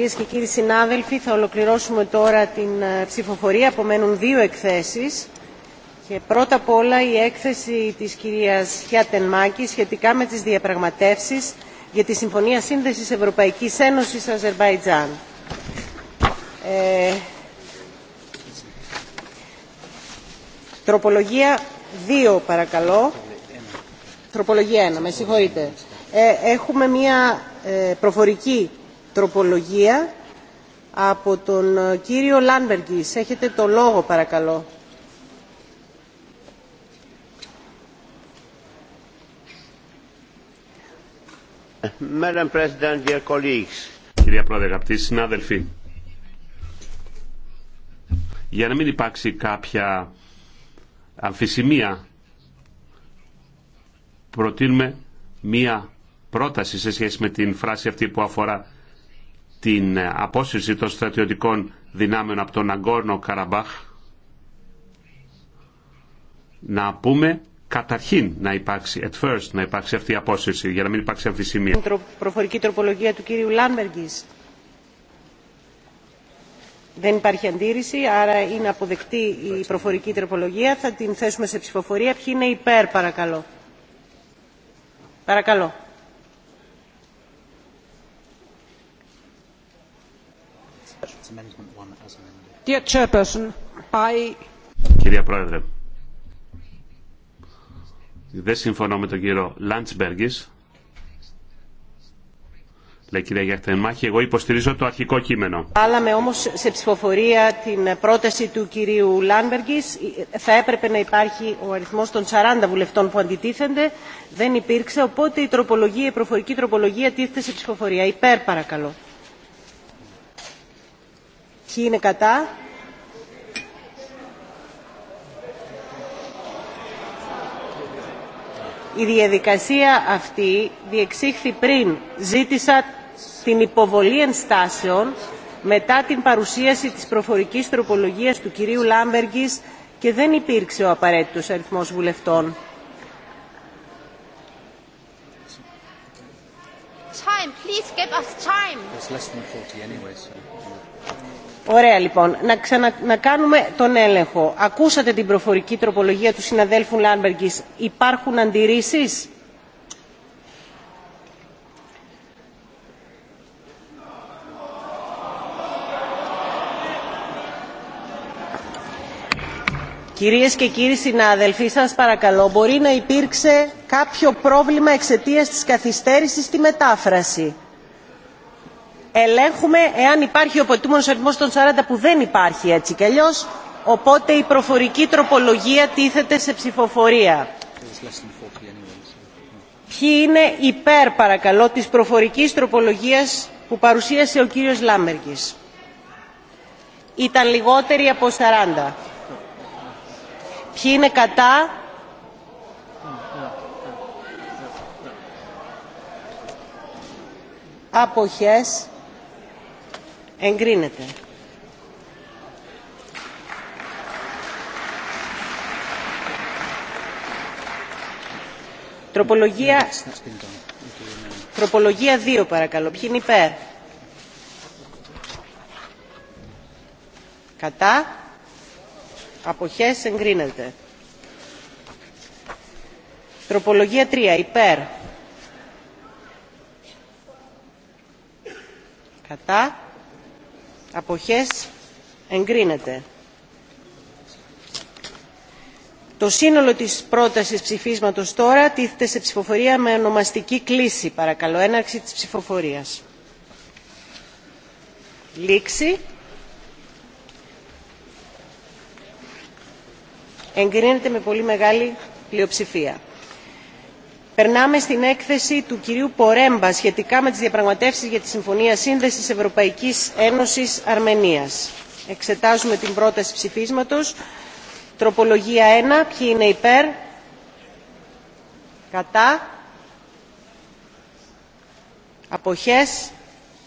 κυρίες και κύριοι συνάδελφοι, θα ολοκληρώσουμε τώρα την ε, ψηφοφορία. Απομένουν δύο εκθέσεις. Και πρώτα απ' όλα η έκθεση της κυρίας Χιάτεν Μάκη σχετικά με τις διαπραγματεύσεις για τη Συμφωνία Σύνδεσης Ευρωπαϊκής Ένωσης Αζερβαϊτζάν. Ε, τροπολογία 2 παρακαλώ. Τροπολογία 1, με συγχωρείτε. Ε, έχουμε μια ε, προφορική τροπολογία από τον ε, κύριο Λάνμπεργκης. Έχετε το λόγο παρακαλώ. Κυρία Πρόεδρε, αγαπητοί συνάδελφοι, για να μην υπάρξει κάποια αμφισημία, προτείνουμε μία πρόταση σε σχέση με την φράση αυτή που αφορά την απόσυρση των στρατιωτικών δυνάμεων από τον Αγκόρνο Καραμπάχ να πούμε καταρχήν να υπάρξει, at first, να υπάρξει αυτή η απόσυρση για να μην υπάρξει αμφισημία. Προφορική τροπολογία του κύριου Λάνμπεργκης. Δεν υπάρχει αντίρρηση, άρα είναι αποδεκτή η προφορική τροπολογία. Θα την θέσουμε σε ψηφοφορία. Ποιοι είναι υπέρ, παρακαλώ. Παρακαλώ. Κυρία Πρόεδρε, δεν συμφωνώ με τον κύριο Λαντσμπέργκης. Λέει κυρία Μάχη εγώ υποστηρίζω το αρχικό κείμενο. βάλαμε όμως σε ψηφοφορία την πρόταση του κυρίου Λάντσμπεργκης Θα έπρεπε να υπάρχει ο αριθμός των 40 βουλευτών που αντιτίθενται. Δεν υπήρξε, οπότε η, τροπολογία, η προφορική τροπολογία τίθεται σε ψηφοφορία. Υπέρ παρακαλώ. Ποιοι είναι κατά. Η διαδικασία αυτή διεξήχθη πριν. Ζήτησα την υποβολή ενστάσεων μετά την παρουσίαση της προφορικής τροπολογίας του κυρίου Λάμπεργκης και δεν υπήρξε ο απαραίτητος αριθμός βουλευτών. Time, Ωραία λοιπόν. Να, κάνουμε τον έλεγχο. Ακούσατε την προφορική τροπολογία του συναδέλφου Λάνμπεργκης. Υπάρχουν αντιρρήσεις? Κυρίες και κύριοι συνάδελφοι, σας παρακαλώ, μπορεί να υπήρξε κάποιο πρόβλημα εξαιτίας της καθυστέρησης στη μετάφραση ελέγχουμε εάν υπάρχει ο απαιτούμενος αριθμό των 40 που δεν υπάρχει έτσι κι άλλιω. Οπότε η προφορική τροπολογία τίθεται σε ψηφοφορία. Ποιοι είναι υπέρ παρακαλώ της προφορικής τροπολογίας που παρουσίασε ο κύριος Λάμπεργκης. Ήταν λιγότεροι από 40. Ποιοι είναι κατά. Αποχές. Εγκρίνεται. Τροπολογία... Ναι, ναι, τροπολογία 2 παρακαλώ. Ποιοι είναι υπέρ. Κατά. Αποχές εγκρίνεται. Τροπολογία 3 υπέρ. Κατά αποχές εγκρίνεται. Το σύνολο της πρότασης ψηφίσματος τώρα τίθεται σε ψηφοφορία με ονομαστική κλίση. Παρακαλώ, έναρξη της ψηφοφορίας. Λήξη. Εγκρίνεται με πολύ μεγάλη πλειοψηφία. Περνάμε στην έκθεση του κυρίου Πορέμπα σχετικά με τις διαπραγματεύσεις για τη Συμφωνία Σύνδεσης Ευρωπαϊκής Ένωσης Αρμενίας. Εξετάζουμε την πρόταση ψηφίσματος. Τροπολογία 1. Ποιοι είναι υπέρ. Κατά. Αποχές.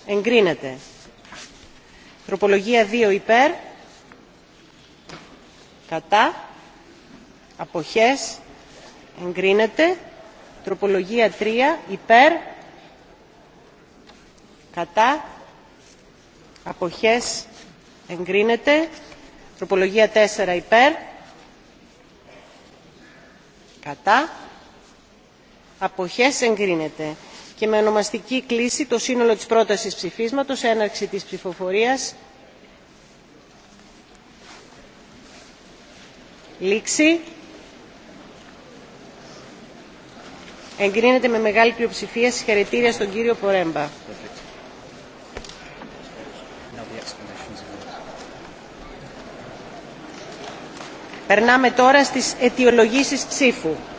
Εγκρίνεται. Τροπολογία 2. Υπέρ. Κατά. Αποχές. Εγκρίνεται. Τροπολογία 3. Υπέρ. Κατά. Αποχές. Εγκρίνεται. Τροπολογία 4. Υπέρ. Κατά. Αποχές. Εγκρίνεται. Και με ονομαστική κλίση το σύνολο της πρότασης ψηφίσματος, έναρξη της ψηφοφορίας, λήξη. Εγκρίνεται με μεγάλη πλειοψηφία. Συγχαρητήρια στον κύριο Πορέμπα. Περνάμε τώρα στις αιτιολογήσεις ψήφου.